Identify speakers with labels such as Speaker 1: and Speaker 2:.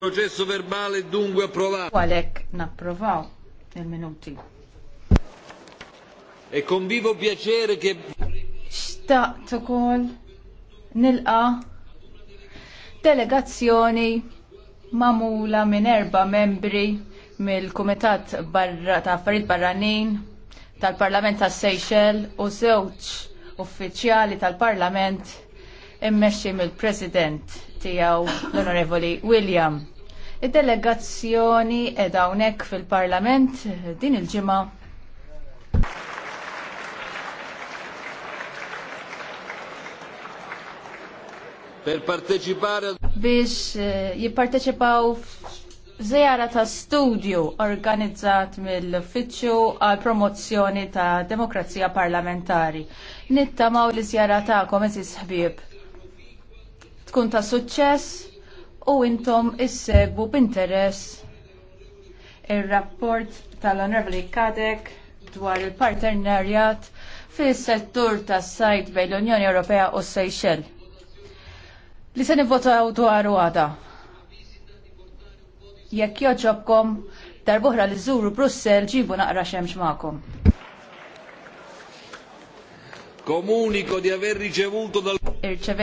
Speaker 1: Processo verbali dunque approvato.
Speaker 2: Għalek napprovaw il-minuti.
Speaker 1: E vivo piacere che...
Speaker 2: Xtaqt ukoll a delegazzjoni mamula minn erba membri mill-Kumitat barra ta' Affarijiet Barranin tal-Parlament tas Seychelles u żewġ uffiċjali tal-Parlament immexxi mill-President tiegħu l-Onorevoli William. Id-delegazzjoni qiegħda hawnhekk fil-Parlament din il-ġimgħa
Speaker 3: per partecipare
Speaker 2: biex eh, jipparteċipaw f'żjara ta' studju organizzat mill-Uffiċċju għal promozzjoni ta' demokrazija parlamentari. Nittamaw li żjara ta' komessi sħbib tkun ta' suċċess u intom issegwu b'interess ir-rapport tal-Onorevoli Kadek dwar il-partenarjat fis-settur tas sajd bejn l-Unjoni Ewropea u Seychelles. Li se nivvotaw dwar għada. Jekk joġobkom, darbuħra li żuru Brussel ġibu naqra xemx magħkom.
Speaker 1: Comunico di aver ricevuto
Speaker 2: dal...